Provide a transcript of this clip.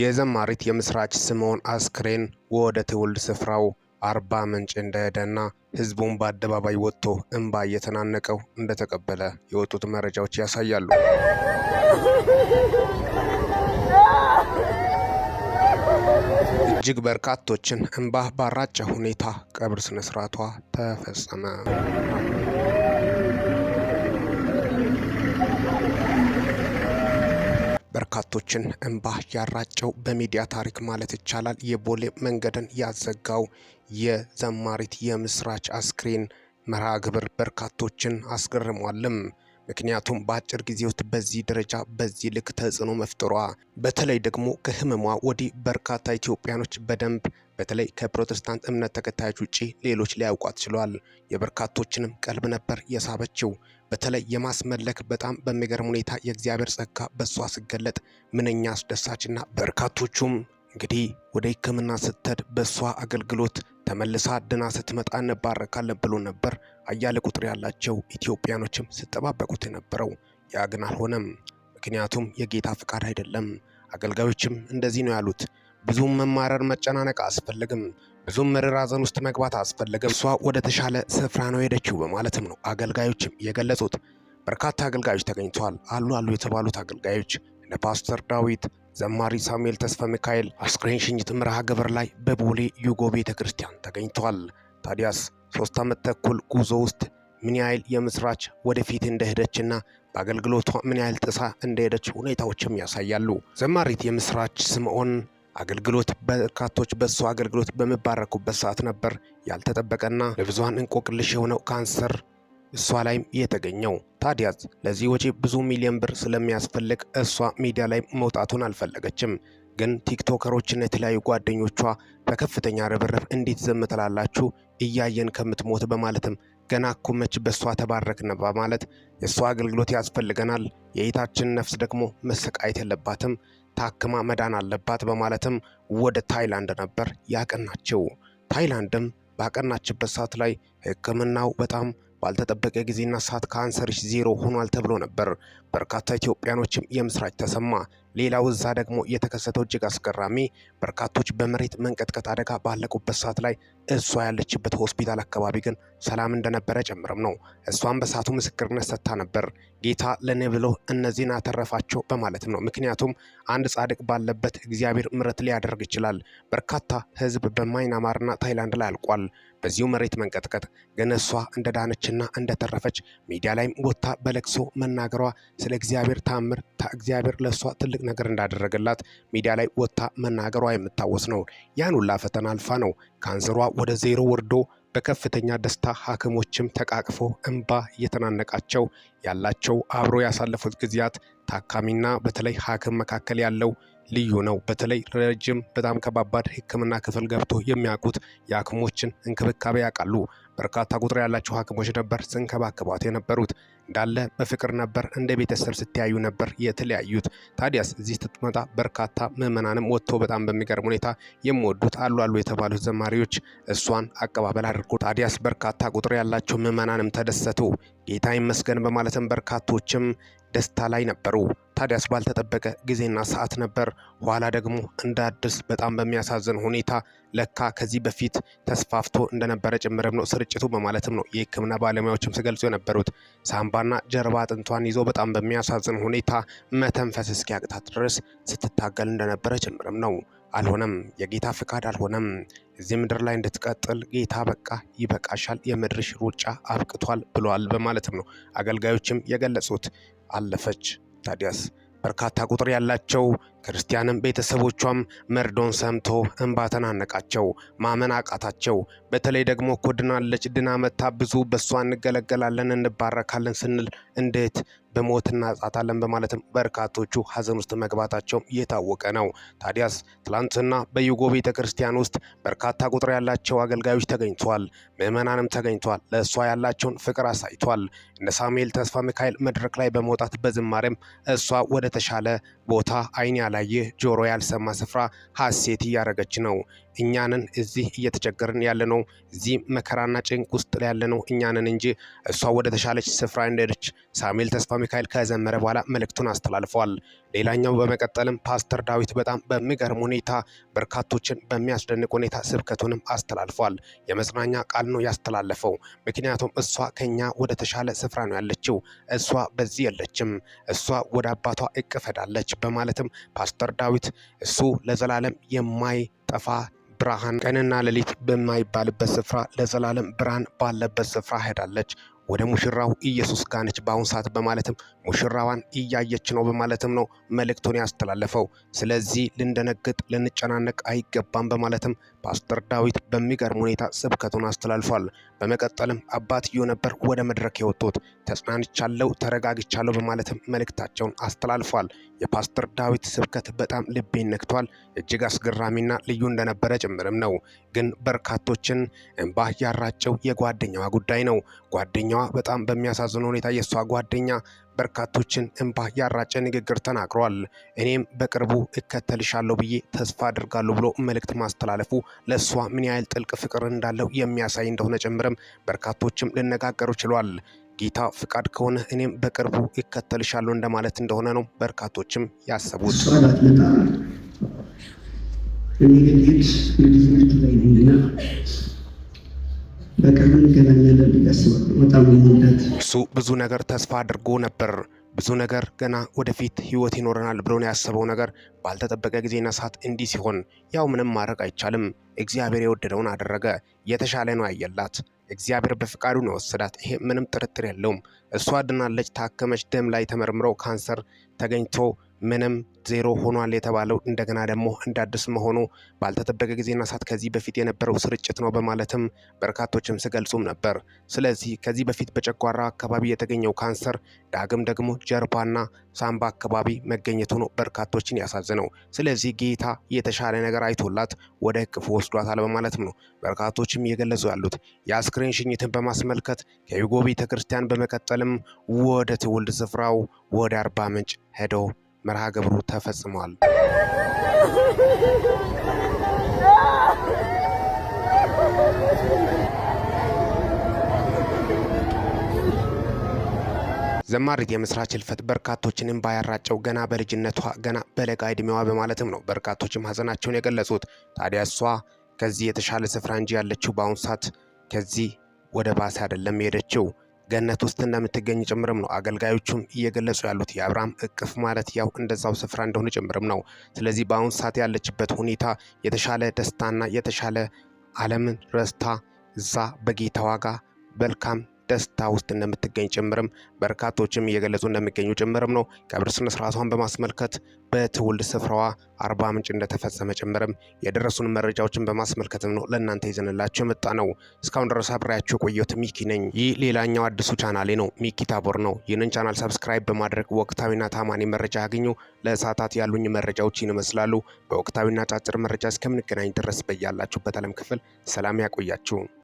የዘማሪት የምስራች ስምዖን አስክሬን ወደ ትውልድ ስፍራው አርባ ምንጭ እንደሄደና ህዝቡን በአደባባይ ወጥቶ እንባ እየተናነቀው እንደተቀበለ የወጡት መረጃዎች ያሳያሉ። እጅግ በርካቶችን እንባ ባራጨ ሁኔታ ቀብር ስነስርዓቷ ተፈጸመ። በርካቶችን እንባ ያራጨው በሚዲያ ታሪክ ማለት ይቻላል የቦሌ መንገድን ያዘጋው የዘማሪት የምስራች አስክሬን መርሃ ግብር በርካቶችን አስገርሟልም። ምክንያቱም በአጭር ጊዜ ውስጥ በዚህ ደረጃ በዚህ ልክ ተጽዕኖ መፍጠሯ በተለይ ደግሞ ከህመሟ ወዲህ በርካታ ኢትዮጵያኖች በደንብ በተለይ ከፕሮቴስታንት እምነት ተከታዮች ውጪ ሌሎች ሊያውቋት ችሏል። የበርካቶችንም ቀልብ ነበር የሳበችው። በተለይ የማስመለክ በጣም በሚገርም ሁኔታ የእግዚአብሔር ጸጋ በእሷ ስገለጥ ምንኛ አስደሳችና በርካቶቹም እንግዲህ ወደ ሕክምና ስትሄድ በእሷ አገልግሎት ተመልሳ ድና ስትመጣ እንባረካለን ብሎ ነበር አያሌ ቁጥር ያላቸው ኢትዮጵያኖችም ስጠባበቁት የነበረው። ያ ግን አልሆነም። ምክንያቱም የጌታ ፍቃድ አይደለም። አገልጋዮችም እንደዚህ ነው ያሉት። ብዙም መማረር መጨናነቅ አስፈልግም ብዙም ምርር ሐዘን ውስጥ መግባት አስፈልግም። እሷ ወደ ተሻለ ስፍራ ነው ሄደችው በማለትም ነው አገልጋዮችም የገለጹት። በርካታ አገልጋዮች ተገኝተዋል። አሉ አሉ የተባሉት አገልጋዮች እነ ፓስተር ዳዊት፣ ዘማሪ ሳሙኤል ተስፈ ሚካኤል አስክሬን ሽኝት መርሃ ግብር ላይ በቦሌ ዩጎ ቤተ ክርስቲያን ተገኝተዋል። ታዲያስ ሶስት ዓመት ተኩል ጉዞ ውስጥ ምን ያህል የምስራች ወደፊት እንደሄደችና በአገልግሎቷ ምን ያህል ጥሳ እንደሄደች ሁኔታዎችም ያሳያሉ። ዘማሪት የምስራች ስምዖን አገልግሎት በርካቶች በእሱ አገልግሎት በሚባረኩበት ሰዓት ነበር ያልተጠበቀና ለብዙሃን እንቆቅልሽ የሆነው ካንሰር እሷ ላይም የተገኘው። ታዲያዝ ለዚህ ወጪ ብዙ ሚሊዮን ብር ስለሚያስፈልግ እሷ ሚዲያ ላይ መውጣቱን አልፈለገችም። ግን ቲክቶከሮችና የተለያዩ ጓደኞቿ በከፍተኛ ርብርብ እንዴት ዝም ትላላችሁ እያየን ከምትሞት በማለትም ገና ኩመች በእሷ ተባረክን በማለት የእሷ አገልግሎት ያስፈልገናል፣ የእህታችን ነፍስ ደግሞ መሰቃየት የለባትም ታክማ መዳን አለባት በማለትም ወደ ታይላንድ ነበር ያቀናቸው። ታይላንድም ባቀናችበት ሰዓት ላይ ሕክምናው በጣም ባልተጠበቀ ጊዜና ሰዓት ካንሰርሽ ዜሮ ሆኗል ተብሎ ነበር። በርካታ ኢትዮጵያኖችም የምስራች ተሰማ ሌላው እዛ ደግሞ የተከሰተው እጅግ አስገራሚ በርካቶች በመሬት መንቀጥቀጥ አደጋ ባለቁበት ሰዓት ላይ እሷ ያለችበት ሆስፒታል አካባቢ ግን ሰላም እንደነበረ ጨምርም ነው። እሷም በሰዓቱ ምስክርነት ሰጥታ ነበር። ጌታ ለእኔ ብሎ እነዚህን አተረፋቸው በማለትም ነው። ምክንያቱም አንድ ጻድቅ ባለበት እግዚአብሔር ምረት ሊያደርግ ይችላል። በርካታ ህዝብ በማይናማርና ታይላንድ ላይ አልቋል በዚሁ መሬት መንቀጥቀጥ። ግን እሷ እንደዳነችና እንደተረፈች ሚዲያ ላይም ቦታ በለቅሶ መናገሯ ስለ እግዚአብሔር ታምር እግዚአብሔር ለእሷ ትልቅ ነገር እንዳደረገላት ሚዲያ ላይ ወጥታ መናገሯ የምታወስ ነው። ያን ሁላ ፈተና አልፋ ነው ካንሰሯ ወደ ዜሮ ወርዶ በከፍተኛ ደስታ ሐኪሞችም ተቃቅፎ እንባ እየተናነቃቸው ያላቸው አብሮ ያሳለፉት ጊዜያት ታካሚና በተለይ ሐኪም መካከል ያለው ልዩ ነው። በተለይ ረጅም በጣም ከባባድ ህክምና ክፍል ገብቶ የሚያውቁት የሐኪሞችን እንክብካቤ ያውቃሉ። በርካታ ቁጥር ያላቸው ሐኪሞች ነበር ስንከባከቧት የነበሩት። እንዳለ በፍቅር ነበር፣ እንደ ቤተሰብ ስትያዩ ነበር የተለያዩት። ታዲያስ እዚህ ስትመጣ በርካታ ምዕመናንም ወጥቶ በጣም በሚገርም ሁኔታ የሚወዱት አሉ አሉ የተባሉት ዘማሪዎች እሷን አቀባበል አድርጎ ታዲያስ በርካታ ቁጥር ያላቸው ምዕመናንም ተደሰቱ። ጌታ ይመስገን በማለትም በርካቶችም ደስታ ላይ ነበሩ። ታዲያስ ባልተጠበቀ ጊዜና ሰዓት ነበር። ኋላ ደግሞ እንደ አዲስ በጣም በሚያሳዝን ሁኔታ ለካ ከዚህ በፊት ተስፋፍቶ እንደነበረ ጭምርም ነው ስርጭቱ በማለትም ነው የሕክምና ባለሙያዎችም ሲገልጹ የነበሩት። ሳምባና ጀርባ አጥንቷን ይዞ በጣም በሚያሳዝን ሁኔታ መተንፈስ እስኪያቅታት ድረስ ስትታገል እንደነበረ ጭምርም ነው። አልሆነም፣ የጌታ ፍቃድ አልሆነም። እዚህ ምድር ላይ እንድትቀጥል ጌታ በቃ ይበቃሻል፣ የምድርሽ ሩጫ አብቅቷል ብለዋል በማለትም ነው አገልጋዮችም የገለጹት። አለፈች ታዲያስ በርካታ ቁጥር ያላቸው ክርስቲያንም ቤተሰቦቿም መርዶን ሰምቶ እንባ ተናነቃቸው፣ ማመን አቃታቸው። በተለይ ደግሞ እኮ ድናለች፣ ድና መታ ብዙ በእሷ እንገለገላለን፣ እንባረካለን ስንል እንዴት በሞት እናጣታለን በማለትም በርካቶቹ ሀዘን ውስጥ መግባታቸውም እየታወቀ ነው። ታዲያስ ትላንትና በዩጎ ቤተ ክርስቲያን ውስጥ በርካታ ቁጥር ያላቸው አገልጋዮች ተገኝተዋል። ምዕመናንም ተገኝተዋል። ለእሷ ያላቸውን ፍቅር አሳይቷል። እነ ሳሙኤል ተስፋ ሚካኤል መድረክ ላይ በመውጣት በዝማሬም እሷ ወደ ተሻለ ቦታ አይን ያለ ላይ ይህ ጆሮ ያልሰማ ስፍራ ሀሴት እያደረገች ነው። እኛንን እዚህ እየተቸገርን ያለ ነው። እዚህ መከራና ጭንቅ ውስጥ ያለ ነው እኛንን እንጂ እሷ ወደ ተሻለች ስፍራ እንደሄደች ሳሙኤል ተስፋ ሚካኤል ከዘመረ በኋላ መልእክቱን አስተላልፈዋል። ሌላኛው በመቀጠልም ፓስተር ዳዊት በጣም በሚገርም ሁኔታ በርካቶችን በሚያስደንቅ ሁኔታ ስብከቱንም አስተላልፏል። የመጽናኛ ቃል ነው ያስተላለፈው። ምክንያቱም እሷ ከኛ ወደ ተሻለ ስፍራ ነው ያለችው፣ እሷ በዚህ የለችም፣ እሷ ወደ አባቷ እቅፍ ሄዳለች በማለትም ፓስተር ዳዊት እሱ ለዘላለም የማይጠፋ ብርሃን ቀንና ሌሊት በማይባልበት ስፍራ ለዘላለም ብርሃን ባለበት ስፍራ ሄዳለች ወደ ሙሽራው ኢየሱስ ጋር ነች በአሁን ሰዓት በማለትም ሙሽራዋን እያየች ነው በማለትም ነው መልእክቱን ያስተላለፈው። ስለዚህ ልንደነግጥ ልንጨናነቅ አይገባም በማለትም ፓስተር ዳዊት በሚገርም ሁኔታ ስብከቱን አስተላልፏል። በመቀጠልም አባትዮ ነበር ወደ መድረክ የወጡት ተጽናንቻለሁ፣ ተረጋግቻለሁ በማለትም መልእክታቸውን አስተላልፏል። የፓስተር ዳዊት ስብከት በጣም ልቤን ነክቷል። እጅግ አስገራሚና ልዩ እንደነበረ ጭምርም ነው። ግን በርካቶችን እንባ ያራጨው የጓደኛዋ ጉዳይ ነው። ጓደኛዋ በጣም በሚያሳዝን ሁኔታ የእሷ ጓደኛ በርካቶችን እንባ ያራጨ ንግግር ተናግሯል። እኔም በቅርቡ እከተልሻለሁ ብዬ ተስፋ አድርጋለሁ ብሎ መልእክት ማስተላለፉ ለእሷ ምን ያህል ጥልቅ ፍቅር እንዳለው የሚያሳይ እንደሆነ ጭምርም በርካቶችም ሊነጋገሩ ችሏል። ጌታ ፍቃድ ከሆነ እኔም በቅርቡ ይከተልሻለሁ እንደማለት እንደሆነ ነው በርካቶችም ያሰቡት። እሱ ብዙ ነገር ተስፋ አድርጎ ነበር። ብዙ ነገር ገና ወደፊት ህይወት ይኖረናል ብሎ ነው ያሰበው ነገር ባልተጠበቀ ጊዜና ሰዓት እንዲህ ሲሆን፣ ያው ምንም ማድረግ አይቻልም። እግዚአብሔር የወደደውን አደረገ። የተሻለ ነው አየላት። እግዚአብሔር በፍቃዱ ነው ወሰዳት። ይሄ ምንም ጥርጥር የለውም። እሷ ድናለች፣ ታከመች። ደም ላይ ተመርምረው ካንሰር ተገኝቶ ምንም ዜሮ ሆኗል የተባለው እንደገና ደግሞ እንደ አዲስ መሆኑ ባልተጠበቀ ጊዜና ሰዓት ከዚህ በፊት የነበረው ስርጭት ነው በማለትም በርካቶችም ሲገልጹም ነበር። ስለዚህ ከዚህ በፊት በጨጓራ አካባቢ የተገኘው ካንሰር ዳግም ደግሞ ጀርባና ሳምባ አካባቢ መገኘቱ ነው በርካቶችን ያሳዝነው። ስለዚህ ጌታ የተሻለ ነገር አይቶላት ወደ ሕቅፉ ወስዷታል በማለትም ነው በርካቶችም እየገለጹ ያሉት። የአስክሬን ሽኝትን በማስመልከት ከዩጎ ቤተክርስቲያን በመቀጠልም ወደ ትውልድ ስፍራው ወደ አርባ ምንጭ ሄደው መርሃ ግብሩ ተፈጽሟል። ዘማሪት የምስራች ህልፈት በርካቶችንም ባያራጨው ገና በልጅነቷ ገና በለጋ እድሜዋ በማለትም ነው በርካቶችም ሀዘናቸውን የገለጹት። ታዲያ እሷ ከዚህ የተሻለ ስፍራ እንጂ ያለችው በአሁኑ ሰዓት ከዚህ ወደ ባሴ አይደለም የሄደችው። ገነት ውስጥ እንደምትገኝ ጭምርም ነው አገልጋዮቹም እየገለጹ ያሉት። የአብርሃም እቅፍ ማለት ያው እንደዛው ስፍራ እንደሆነ ጭምርም ነው። ስለዚህ በአሁን ሰዓት ያለችበት ሁኔታ የተሻለ ደስታና የተሻለ ዓለምን ረስታ እዛ በጌታ ዋጋ በልካም ደስታ ውስጥ እንደምትገኝ ጭምርም በርካቶችም እየገለጹ እንደሚገኙ ጭምርም ነው። ቀብር ስነ ስርዓቷን በማስመልከት በትውልድ ስፍራዋ አርባ ምንጭ እንደተፈጸመ ጭምርም የደረሱን መረጃዎችን በማስመልከትም ነው ለእናንተ ይዘንላቸው የመጣ ነው። እስካሁን ድረስ አብሬያቸው የቆየሁት ሚኪ ነኝ። ይህ ሌላኛው አዲሱ ቻናሌ ነው፣ ሚኪ ታቦር ነው። ይህንን ቻናል ሰብስክራይብ በማድረግ ወቅታዊና ታማኒ መረጃ ያገኙ። ለእሳታት ያሉኝ መረጃዎችን ይመስላሉ። በወቅታዊና ጫጭር መረጃ እስከምንገናኝ ድረስ በያላችሁበት ዓለም ክፍል ሰላም ያቆያችሁ።